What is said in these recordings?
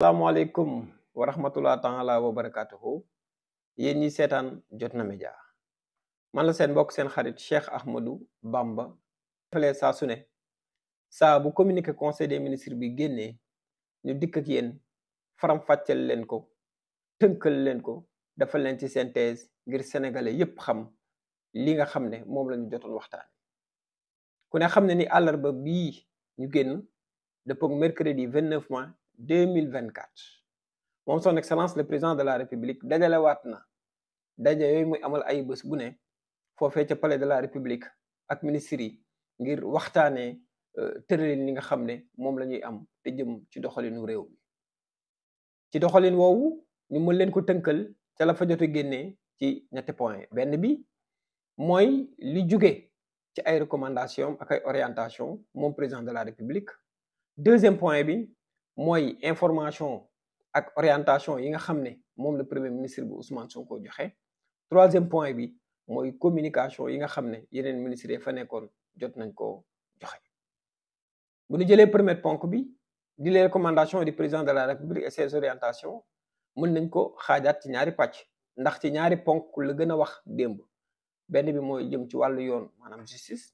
salaamaaleykum wa rahmatullah taala wa barakatuhu yéen ñi seetaan jot na média man la seen mbokk seen xarit Cheikh Ahmadou Bamba defalee saa su ne saa bu communiqué conseil des ministre bi génnee ñu dikk ak yéen faram-fàcceel leen ko tënkal leen ko defal leen ci synthèse ngir sénégalais yépp xam li nga xam ne moom lañu ñu jotoon waxtaan ku ne xam ne ni àllarba bii ñu génn dëppog mercredi 29 mois 2024 moom son excellence le président de la république dajalewaat watna dajé yoy muy amal ay bés bu né fofé ci palais de la république ak ministres ngir waxtané euh, tëralin li nga xamné mom lañuy am té jëm ci doxalinu réew mi ci doxalin woowu ñu mën leen ko tënkal ca la fa jote ci ñetti point benn bi moy li juggé ci ay recommandation ak ay orientation mon président de la république deuxième point bi mooy information ak orientation yi nga xam ne moom le premier ministre bi Ousmane Sonko joxe troisième point bi mooy communication yi nga xam ne yeneen ministres yi fa nekkoon jot nañ ko joxe bu ñu jëlee premier ponk bi di les recommandations du président de la république et ses orientations mën nañ ko xaajaat ci ñaari pàcc ndax ci ñaari ponk la gën a wax démb benn bi mooy jëm ci wàllu yoon maanaam justice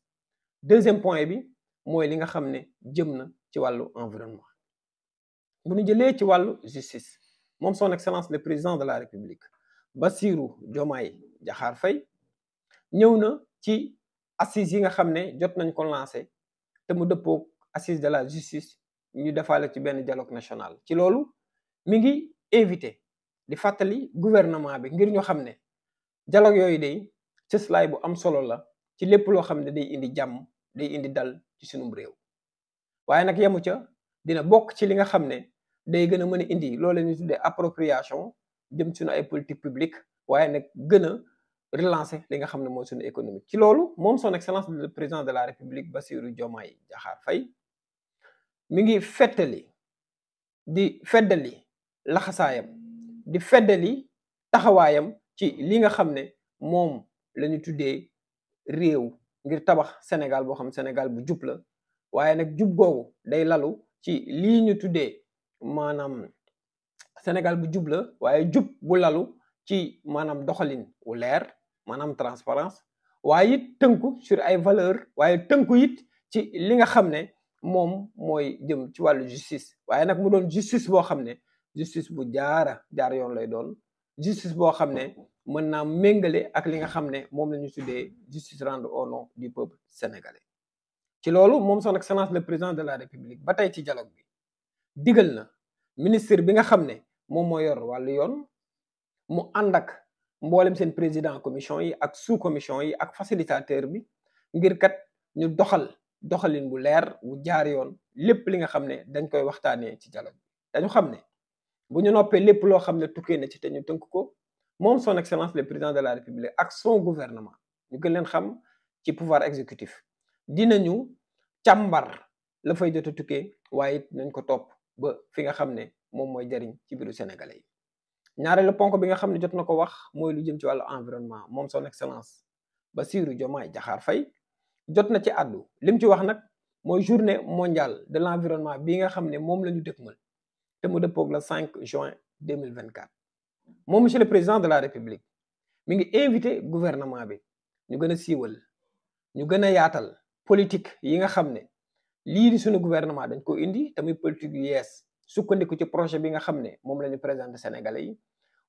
deuxième point bi mooy li nga xam ne jëm na ci wàllu environnement bu ñu jëlee ci wàllu justice moom son excellence le président de la république Bassirou Diomaye Diakhar fay ñëw na ci assises yi nga xam ne jot nañ ko lancé te mu dëppoog assise de la justice ñu defaale ci benn dialogue national ci loolu mi ngi invité di fàttali gouvernement bi ngir ñu xam ne dialogue yooyu day cëslaay bu am solo la ci lépp loo xam ne day indi jàmm day indi dal ci sunum réew waaye nag yemu ca dina bokk ci li nga xam ne day gëna mëna indi loolu la tuddee appropriation jëm suñu ay politique publique waaye nag gëna relancer li nga xam ne mooy suñu économie ci loolu moom son excellence le président de la république Bassirou Diomaye Diakhar fay mi ngi fettali di feddali laxasaayam di feddali taxawaayam ci li nga xam ne moom la tuddee réew ngir tabax Sénégal boo xam Sénégal bu jub la waaye nag jub googu day lalu ci lii ñu tuddee maanaam Sénégal bu jub la waaye jub bu lalu ci maanaam doxalin wu leer maanaam transparence waaye it tënku sur ay valeur waaye tënku it ci li nga xam ne moom mooy jëm ci wàllu justice waaye nag mu doon justice boo xam ne justice bu jaara jaar yoon lay doon justice boo xam ne mën naa méngale ak li nga xam ne moom la ñu tuddee justice rendue au nom du peuple sénégalais ci loolu moom son excellence le président de la république ba tey ci dialogue bi digal na ministre bi nga xamné mom mo yor walu yoon mu andak mbollem sen président commission yi ak sous commission yi ak facilitateur bi ngir kat ñu doxal doxalin bu leer wu jaar yoon lepp li nga xamné dañ koy waxtaanee ci dialogue dañu xamné bu ñu noppé lepp lo xamné ne na ci té ñu tënk ko mom son excellence le président de la république ak son gouvernement ñu gën leen xam ci pouvoir exécutif dinañu càmbar la fay jot a waye waaye nañ ko top ba fi nga xam ne moom mooy jariñ ci biiru sénégalais yi ñaareelu ponk bi nga xam ne jot na ko wax mooy lu jëm ci wàllu environnement moom son excellence Bassirou Diomaye jaxaar fay jot na ci àddu lim ci wax nag mooy journée mondiale de l'environnement bi nga xam ne moom la ñu dëkkmal te mu dëppoog la 5 juin 2024 moom monsieur le président de la république mi ngi invité gouvernement bi ñu gën a siiwal ñu gën a yaatal politique yi nga xam ne lii di suñu gouvernement dañ ko indi tamit politique yu yees sukkandiku ci projet bi nga xam ne moom la ñu présenté Sénégalais yi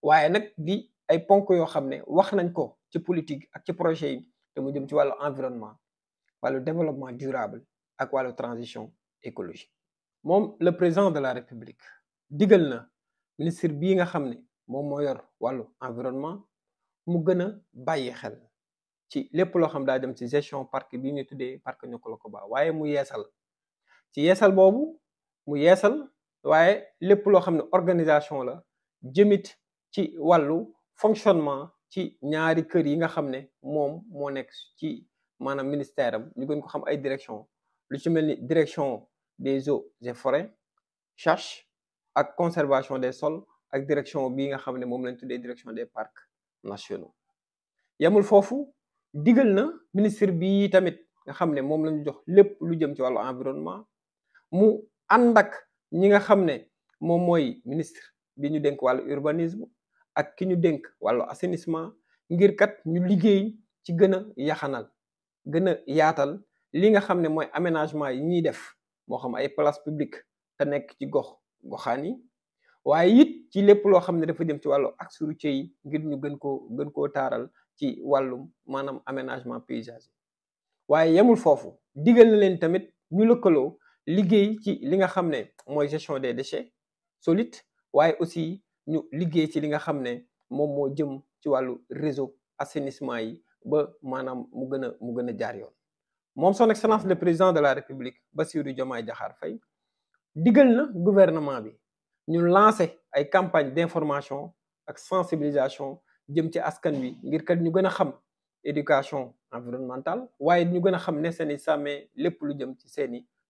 waaye nag di ay ponk yoo xam ne wax nañ ko ci politique ak ci projet yi te mu jëm ci wàllu environnement wàllu développement durable ak wàllu transition écologique moom le président de la république digal na ministre bii nga xam ne moom moo yor wàllu environnement mu gën a bàyyi xel ci lépp loo xam daa dem ci gestion parc bi ñu tuddee parc Niokolo Koba waaye mu yeesal ci yeesal boobu mu yeesal waaye lépp loo xam ne organisation la jëmit ci wàllu fonctionnement ci ñaari kër yi nga xam ne moom moo nekk ci maanaam ministère am ñu gën ko xam ay direction lu ci mel ni direction des eaux et forêts chasse ak conservation des sols ak direction bi nga xam ne moom lañ tuddee direction des parcs nationaux yamul foofu digal na ministre bi tamit nga xam ne moom lañu jox lépp lu jëm ci wàllu environnement mu ànd ak ñi nga xam ne moom mooy ministre bi ñu dénk wàllu urbanisme ak ki ñu dénk wàllu assainissement ngir kat ñu liggéey ci gën a yaxanal gën a yaatal li nga xam ne mooy aménagement yi ñuy def moo xam ay place publique te nekk ci gox goxaan yi waaye it ci lépp loo xam ne dafa jëm ci wàllu axe routier yi ngir ñu gën koo gën koo taaral ci wàllum maanaam aménagement paysager waaye yemul foofu digal na leen tamit ñu lëkkaloo liggéey ci li nga xamné moy gestion des déchets solides waye aussi ñu liggéey ci li nga xamné mom mo jëm ci walu réseau assainissement yi ba manam mu gëna mu gëna jaar yoon mom son excellence le président de la république Bassirou Diomaye jahar fay digël na gouvernement bi ñu lancé ay campagne d'information ak sensibilisation jëm ci askan wi ngir kat ñu gëna xam éducation environnementale waye ñu gëna xam né seeni sàmmee lépp lu jëm ci seeni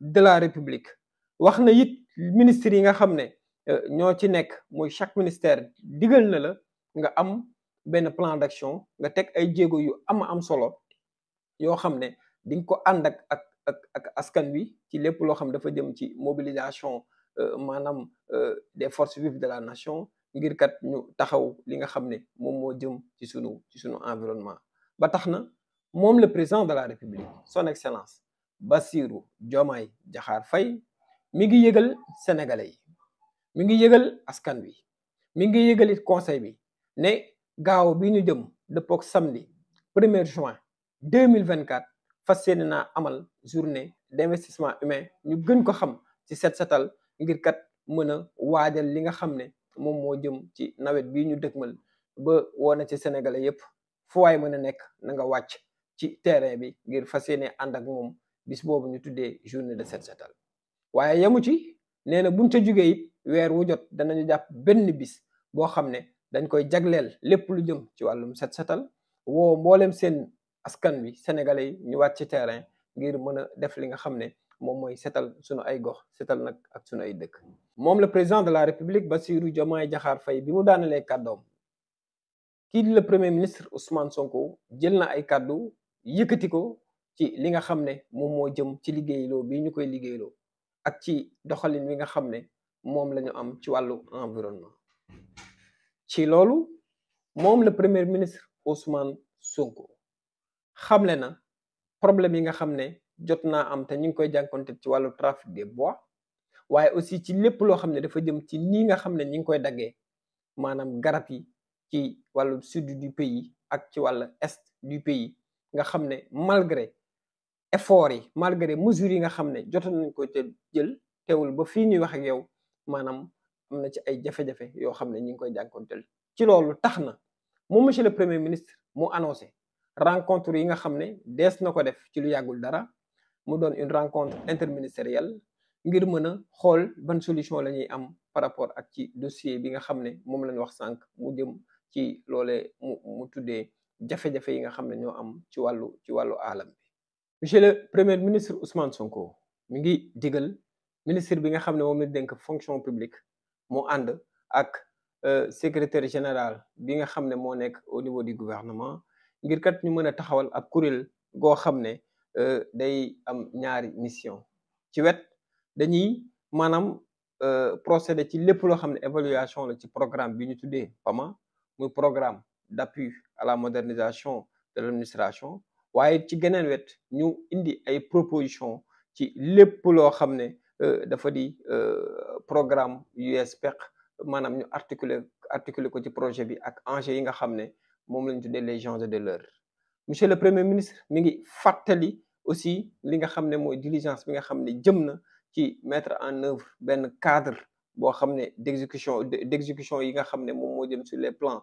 de la république wax ministre yi nga euh, chaque ministère digal na la nga am plan d'action nga teg ay jéego yu am am solo ko mobilisation des forces vives de la nation ngir environnement le président de la république son excellence basiru Diomaye Diakhar fay mi ngi yëgal sénégalais yi mi ngi yëgal askan wi mi ngi yëgalit conseil bi ne gaaw bi ñu jëm dëppook samedi premier juin deux mille vingt quatre fas yéene naa amal journée d'investissement humain ñu gën ko xam ci set setal ngir kat mën a waajal li nga xam ne moom moo jëm ci nawet bi ñu dëgmal ba woona ci sénégalais yépp fu waay mën a nekk na nga wàcc ci terrain bi ngir fas yéene ànd ak moom bis boobu ñu tuddee journée de set setal waaye yamu ci nee na buñ ca jógee it weer wu jot danañu jàpp benn bis boo xam ne dañ koy jagleel lépp lu jëm ci wàllum set setal woo mboolem seen askan wi sénégalais yi ñu wàcc ci terrain ngir mën a def li nga xam ne moom mooy setal sunu ay gox setal nag ak sunu ay dëkk. moom la président de la république Bassirou Diomaye jaxaar fay bi mu daanalee kàddoom kii di le premier ministre Ousmane Sonko jël na ay kàddu yëkkati ko. ci li nga xam ne moom moo jëm ci liggéeyloo bi ñu koy liggéeyloo ak ci doxalin wi nga xam ne moom lañu am ci wàllu environnement ci loolu moom la première ministre Ousmane Sonko xamle na problème yi nga xam ne jot naa am te ñu ngi koy jànkonte ci wàllu trafic des bois waaye aussi ci lépp loo xam ne dafa jëm ci nii nga xam ne ñu ngi koy daggee maanaam garab yi ci wàllu sud du pays ak ci wàllu est du pays nga xam ne malgré effort yi malgré mesures yi nga xam ne jotoon nañ ko te jël teewul ba fii ñuy wax ak yow maanaam am na ci ay jafe-jafe yoo xam ne ñu ngi koy jànkoonteel ci loolu tax na moom monsieur le premier ministre mu annoncé rencontre yi nga xam ne des na ko def ci lu yàggul dara mu doon une rencontre interministérielle ngir mën a xool ban solution la ñuy am par rapport ak ci dossier bi nga xam ne moom lañ wax sànq mu jëm ci loole mu mu tuddee jafe-jafe yi nga xam ne ñoo am ci wàllu ci wàllu aalam monsieur le premier ministre Ousmane Sonko Mingi ngi digal ministre bi nga xam ne denk fonction publique mo and ak euh, secrétaire général bi nga xamné mo nek au niveau du gouvernement ngir kat ñu mëna taxawal ak kuril go xamné euh day am ñaari mission ci wet dañuy euh procéder ci lépp lo xamné évaluation la ci programme bi ñu tuddé PAMA muy programme d'appui à la modernisation de l'administration, waye ci geneen wet ñu indi ay proposition ci lepp lo xam ne euh, dafa di euh, programme USPEC manam ñu articuler articuler ko ci projet bi ak enjeux yi nga xam ne moom lañ tuddee les gens de l'heure monsieur le premier ministre mi ngi fatali aussi li nga xam ne diligence bi nga xam ne ci mettre en œuvre ben cadre bo xam ne d'exécution d'exécution yi nga xam ne mo jëm sur les plans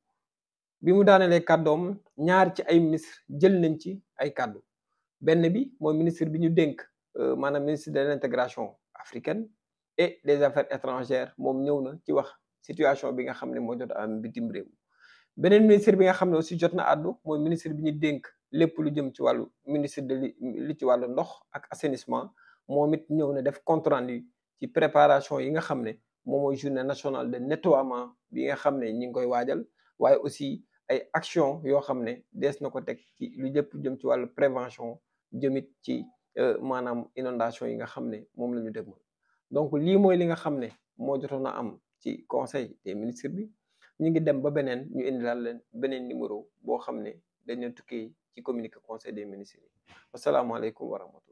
bi mu daanelee kàddoom ñaar ci ay ministre jël nañ ci ay kàddu benn bi mooy ministre bi ñu dénk euh, maanaam ministre de l'intégration africaine et des affaires étrangères moom ñëw na ci wax situation bi nga xam ne moo jot am bitim réew beneen ministre bi nga xam ne aussi jot na àddu mooy ministre bi ñu dénk lépp lu jëm ci wàllu ministre de li ci wàllu ndox ak assainissement moom it ñëw na def compte rendu ci préparation yi nga xam ne moom mooy journée nationale de nettoiement bi nga xam ne ñi ngi koy waajal waaye aussi ay action yo xamné ne nako tek ci lu jëpp jëm ci wàllu prévention jëmit ci euh, manam inondation yi nga xamné mom lañu déggul donc li moy li nga xamné mo moo am ci conseil des ministres bi ñi ngi dem ba benen ñu indilaal leen benen numéro bo xamné ne dañu tukki ci communiqué conseil des ministres yi alaykum wa rahmatullah